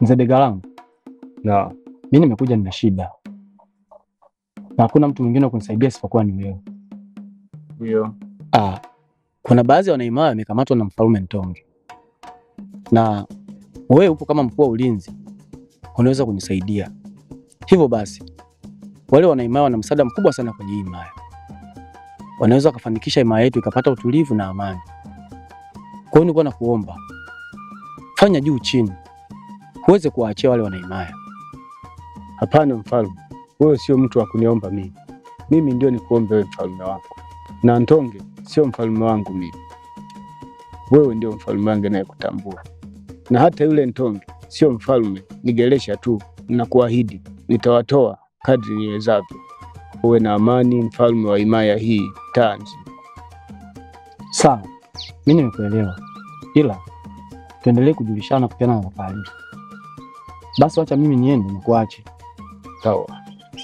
Mzee Degalangu, no. Mi nimekuja nina shida na hakuna mtu mwingine kunisaidia isipokuwa ni wewe. Ndio. Ah, kuna baadhi ya wanaimaya wamekamatwa na Mfalme Ntonge, na wewe upo kama mkuu wa ulinzi, unaweza kunisaidia. Hivyo basi, wale wanaimaya wana msaada mkubwa sana kwenye hii wanaweza wakafanikisha imaya yetu ikapata utulivu na amani. Kwa hiyo nilikuwa nakuomba, fanya juu chini huweze kuwaachia wale wanaimaya. Hapana mfalme, wewe sio mtu wa kuniomba mimi, mimi ndio nikuombe wewe, mfalme wako na Ntonge sio mfalme wangu mimi, wewe ndio mfalme wangu nayekutambua, na hata yule Ntonge sio mfalme, nigeresha tu na kuahidi nitawatoa kadri niwezavyo. Uwe na amani, mfalme wa himaya hii Tanzi. Sawa, mimi nimekuelewa, ila tuendelee kujulishana kupeana na mafaarifa. Basi wacha mimi niende nikuache. Sawa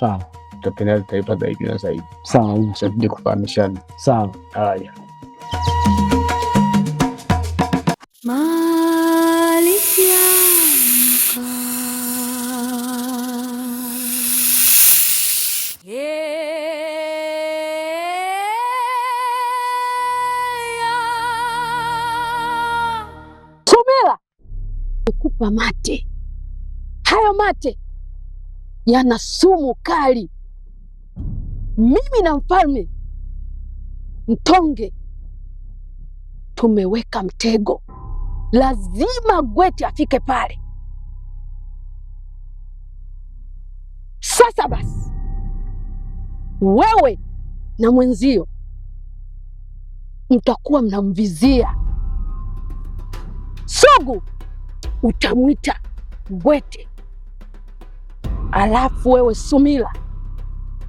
sawa, tutapenda tutaipa zaidi na zaidi. Sawa, tutakuja kufahamishana. Sawa, haya. Subira kukupa mate hayo mate yana sumu kali. Mimi na mfalme Mtonge tumeweka mtego, lazima Gwete afike pale. Sasa basi, wewe na mwenzio mtakuwa mnamvizia sugu, utamwita Gwete alafu wewe Sumila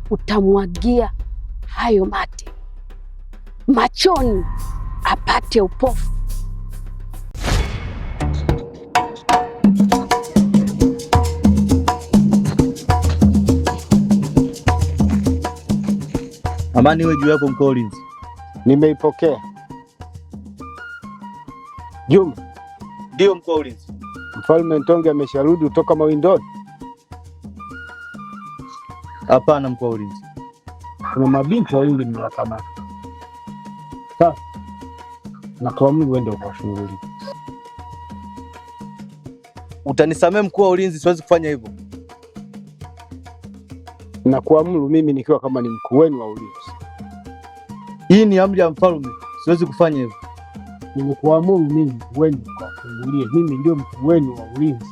utamwagia hayo mate machoni apate upofu. Amani iwe juu yako, Collins. ulinzi. Nimeipokea Juma. Ndiyo, mkuu ulinzi. Mfalme Ntonge amesharudi kutoka mawindoni. Hapana, mkuu wa ulinzi. Kuna mabinti wawili mnawakamata sasa, nakuamuru uende ukawashughulikie. Utanisamee mkuu wa ulinzi, siwezi kufanya hivyo. Nakuamuru mimi nikiwa kama ni mkuu wenu wa ulinzi. Hii ni amri ya mfalme, siwezi kufanya hivyo. Nimekuamuru mimi, mkuu wenu, ukawafungulie. Mimi ndio mkuu wenu wa ulinzi.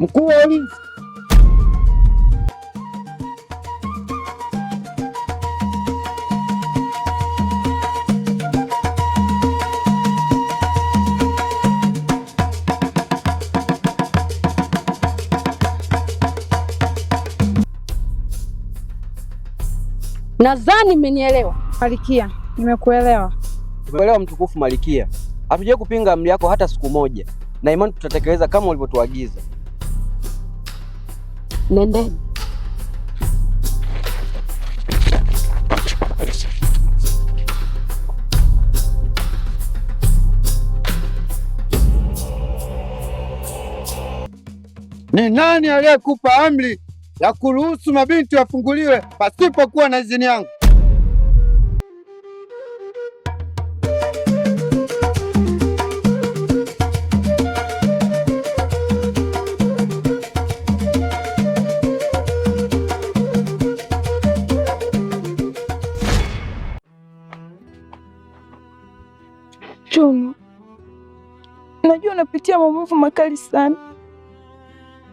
Mkuu wa ulinzi Nadhani mmenielewa. Malikia, nimekuelewa. Nimekuelewa mtukufu Malikia. Hatujai kupinga amri yako hata siku moja, na imani tutatekeleza kama ulivyotuagiza. Nendeni. Ni nani aliyekupa amri ya kuruhusu mabinti wafunguliwe pasipokuwa na idhini yangu. najua unapitia maumivu makali sana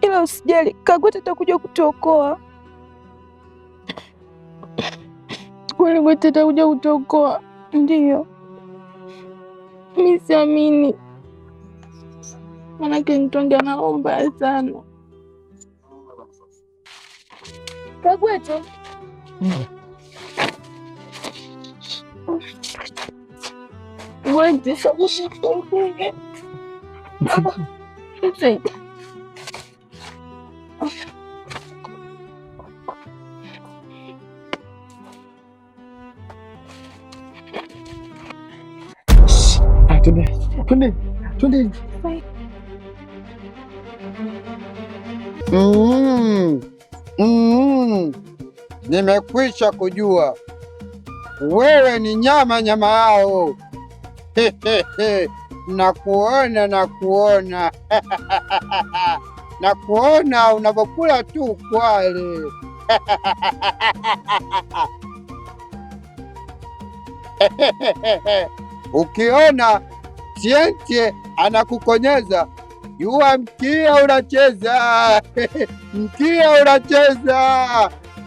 ila usijali, Kagwete atakuja kutuokoa. Kweli Gwete atakuja kutuokoa? Ndiyo, mi siamini, manake ntonge nao mbaya sana. Kagwete Gwete Ah, twende, twende, twende. Mm. Mm. nimekwisha kujua wewe ni nyama nyama yao. Nakuona, nakuona. na kuona unavyokula tu kwale. Ukiona chenche anakukonyeza, jua mkia unacheza. Mkia unacheza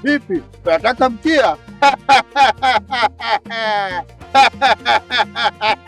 vipi? Unataka mkia?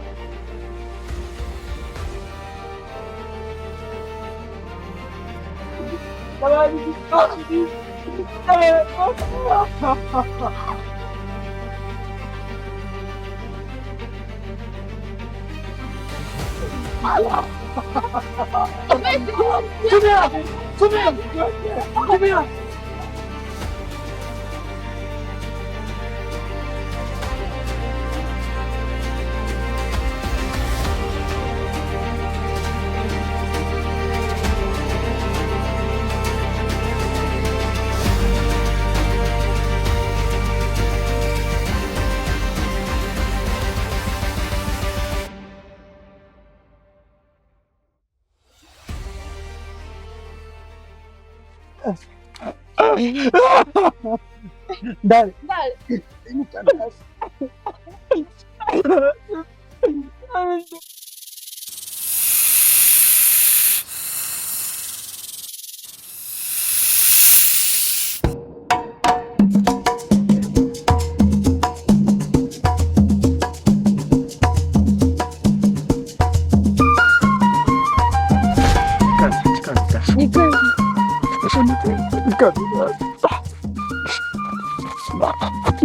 소미야! 소미야! 소미야! Dale. Dale. Tengo ganas.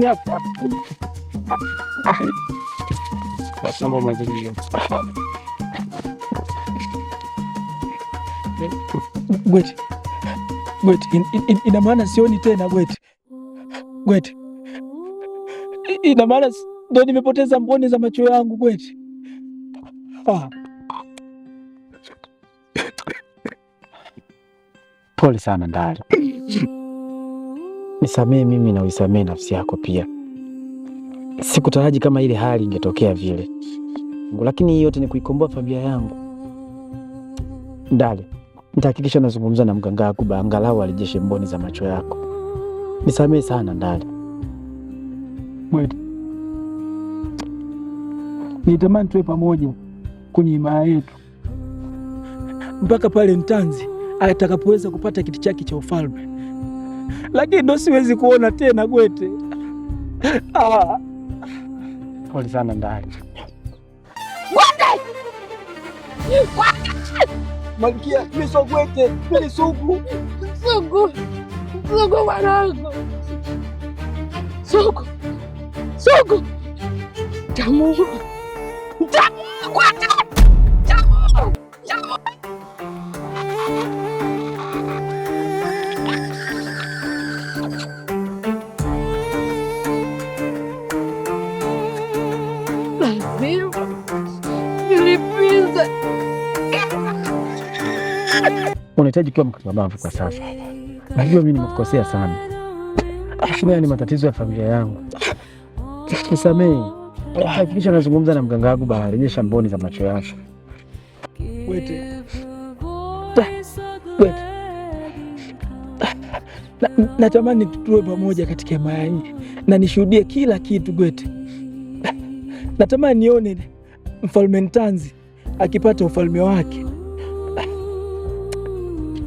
hapa Gwete, Gwete, ina maana sioni tena Gwete, Gwete, ina maana ndo nimepoteza mboni za macho yangu Gwete. Ah. Pole sana Ndali. nisamee mimi na uisamee nafsi yako pia. Sikutaraji kama ile hali ingetokea vile, lakini hii yote ni kuikomboa familia yangu. ndale nitahakikisha nazungumza na mganga ba angalau alijeshe mboni za macho yako. Nisamee sana ndale Mwetu, nitamani tuwe pamoja kwenye imaya yetu mpaka pale mtanzi atakapoweza kupata kiti chake cha ufalme lakini ndo siwezi kuona tena Gwete. Ah. Pole sana ndani Malkia, miso Gwete, mimi sugu sugu sugu mwanangu sugu sugu tamu nahitaji kuwa mkakamavu kwa sasa. Najua mimi nimekukosea sana, lakini haya ni matatizo ya familia yangu. Nisamehe. Hakikisha nazungumza na mganga wangu nyesha mboni za macho yako. Natamani na tuwe pamoja katika hema na nishuhudie kila kitu Gwete. Natamani nione Mfalme Ntanzi akipata ufalme wake.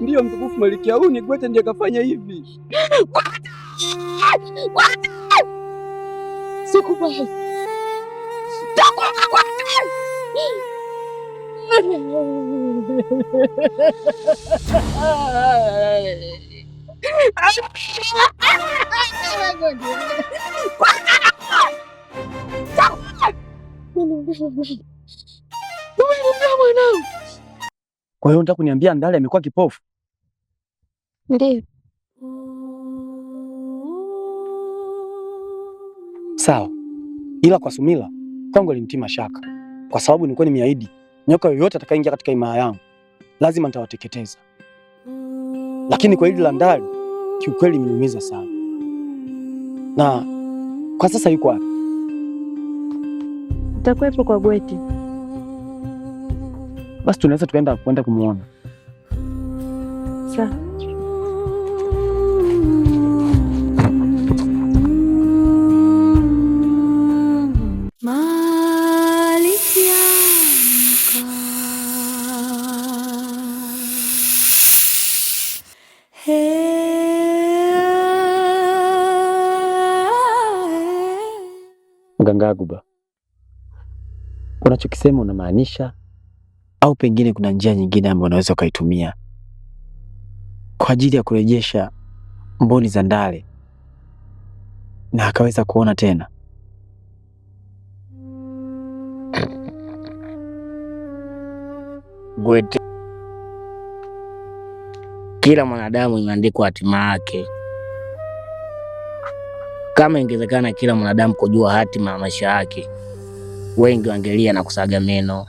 Ndiyo mtukufu Malikia, huyu ni Gwete ndiye kafanya hivi. Sikubali. Mwanangu kwa hiyo unataka kuniambia Ndale amekuwa kipofu? ndio Sawa, ila kwa Sumila kwangu alimtima shaka, kwa sababu nilikuwa nimeahidi nyoka yoyote atakayeingia katika imaa yangu lazima nitawateketeza, lakini kwa hili la Ndale kiukweli imeniumiza sana. Na kwa sasa yuko wapi? Nitakuwepo kwa gweti basi tunaweza tukaenda kwenda kumwona. Mganga Guba, unachokisema unamaanisha au pengine kuna njia nyingine ambayo unaweza ukaitumia kwa ajili ya kurejesha mboni za Ndale na akaweza kuona tena. Gwete, kila mwanadamu imeandikwa hatima yake. Kama ingewezekana kila mwanadamu kujua hatima ya maisha yake, wengi wangelia na kusaga meno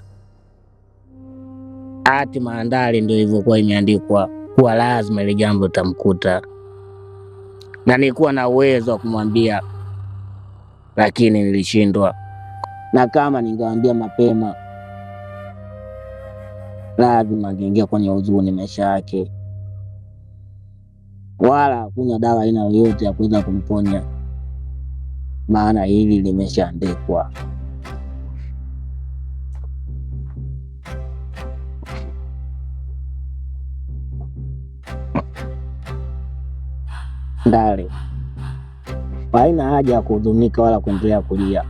ati Maandale ndio ilivyokuwa imeandikwa kuwa lazima ile jambo litamkuta, na nilikuwa na uwezo wa kumwambia, lakini nilishindwa. Na kama ningewaambia mapema, lazima angeingia kwenye huzuni maisha yake, wala hakuna dawa aina yoyote ya kuweza kumponya, maana hili limeshaandikwa. Ndale haina haja ya kuhuzunika wala kuendelea kulia.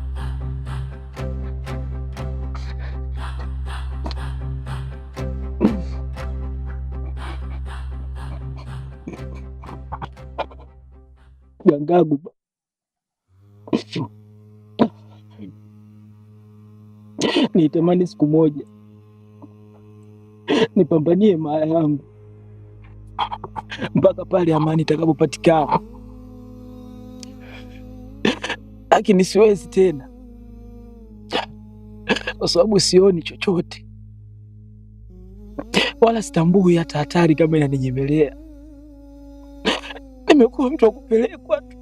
Gangagu nitamani siku moja nipambanie mara yangu mpaka pale amani itakapopatikana, lakini siwezi tena kwa sababu sioni chochote wala sitambui hata hatari kama inaninyemelea. Nimekuwa mtu wa kupelekwa tu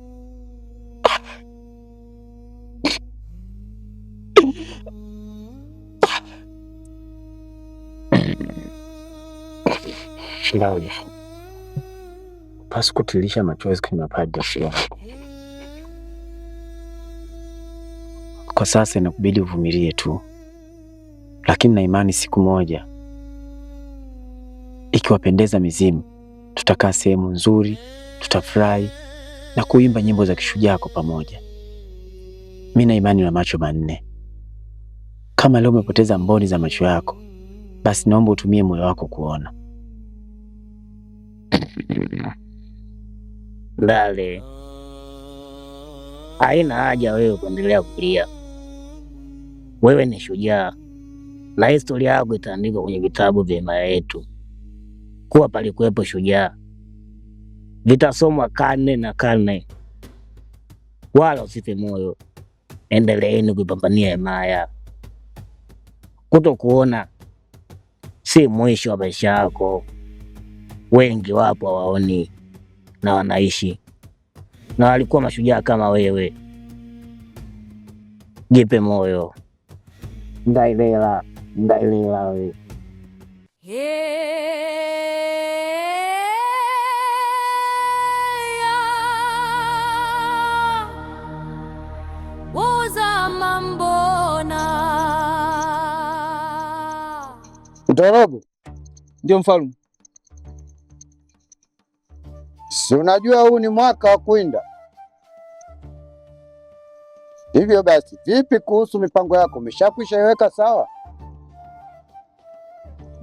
hupaswi kutilisha machozi kwenye mapaja yako. Kwa sasa inakubidi uvumilie tu, lakini na imani siku moja, ikiwapendeza mizimu, tutakaa sehemu nzuri, tutafurahi na kuimba nyimbo za kishujaa kwa pamoja. Mi na imani na macho manne. Kama leo umepoteza mboni za macho yako, basi naomba utumie moyo wako kuona. Ndale, haina haja wewe kuendelea kulia. Wewe ni shujaa na historia yako itaandikwa kwenye vitabu vya imaya yetu kuwa palikuwepo shujaa, vitasomwa karne na karne. Wala usife moyo, endeleeni kuipambania imaya. Kuto kuona si mwisho wa maisha yako, wengi wapo hawaoni na wanaishi na walikuwa mashujaa kama wewe. Jipe moyo, ndailela ndailela we Mtorogo ndio mfalme. Si unajua huu ni mwaka wa kuinda. Hivyo basi, vipi kuhusu mipango yako? Umeshakwisha iweka sawa?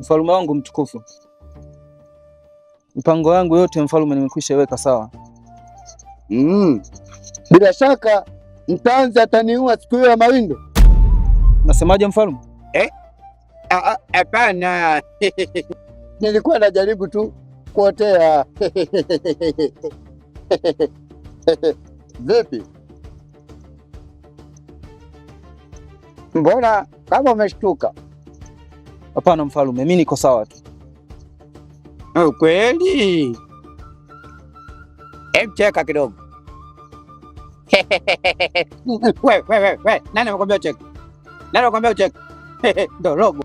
Mfalume wangu mtukufu, mpango yangu yote mfalume, nimekwisha iweka sawa. Mm. Bila shaka mtanzi ataniua siku hiyo ya mawindo. Nasemaje mfalume? Eh? Ah, ah, hapana. Nilikuwa najaribu tu kuotea. Vipi, mbona kama umeshtuka? Hapana mfalume, mi niko sawa tu. Oh, kweli? Hebu cheka kidogo. We, we, we, we. Nani amekwambia Nani amekwambia Dorogo.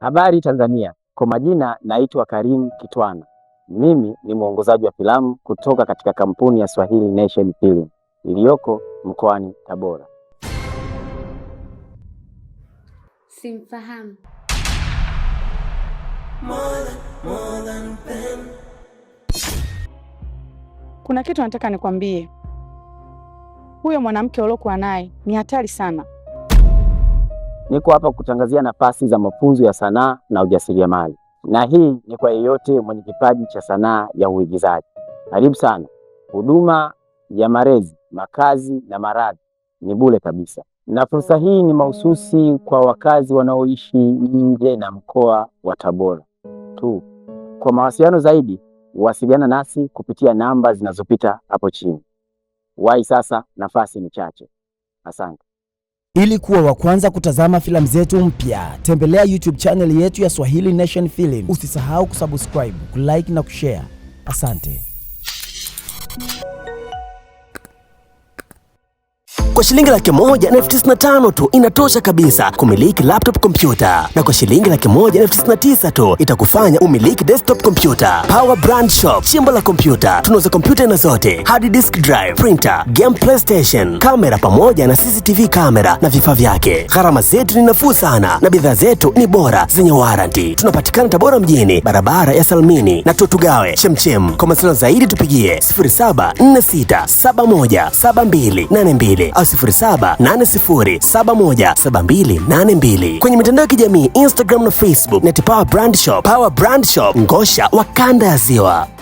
Habari Tanzania, kwa majina naitwa Karim Kitwana. Mimi ni mwongozaji wa filamu kutoka katika kampuni ya Swahili Nation Film iliyoko mkoani Tabora. Simfahamu. Kuna kitu nataka nikwambie, huyo mwanamke uliokuwa naye ni hatari sana. Niko hapa kutangazia nafasi za mafunzo ya sanaa na ujasiriamali, na hii ni kwa yeyote mwenye kipaji cha sanaa ya uigizaji. Karibu sana. Huduma ya malezi, makazi na maradhi ni bure kabisa, na fursa hii ni mahususi kwa wakazi wanaoishi nje na mkoa wa Tabora tu. Kwa mawasiliano zaidi, wasiliana nasi kupitia namba zinazopita hapo chini. Wai sasa, nafasi ni chache. Asante. Ili kuwa wa kwanza kutazama filamu zetu mpya, tembelea YouTube channel yetu ya Swahili Nation Film. Usisahau kusubscribe, kulike na kushare. Asante. Kwa shilingi laki moja na elfu tisini na tano tu inatosha kabisa kumiliki laptop kompyuta, na kwa shilingi laki moja na elfu tisini na tisa tu itakufanya umiliki desktop kompyuta. Power Brand Shop, chimbo la kompyuta. Tunauza kompyuta na zote, hard disk drive, printer, game playstation, kamera pamoja na CCTV kamera na vifaa vyake. Gharama zetu ni nafuu sana na bidhaa zetu ni bora zenye waranti. Tunapatikana Tabora mjini, barabara ya Salmini na Tutugawe Chemchem. Kwa masuala zaidi tupigie 0746717282. 078070717282 kwenye mitandao ya kijamii Instagram na Facebook neti Power Brand Shop, Power Brand Shop Ngosha wa kanda ya Ziwa.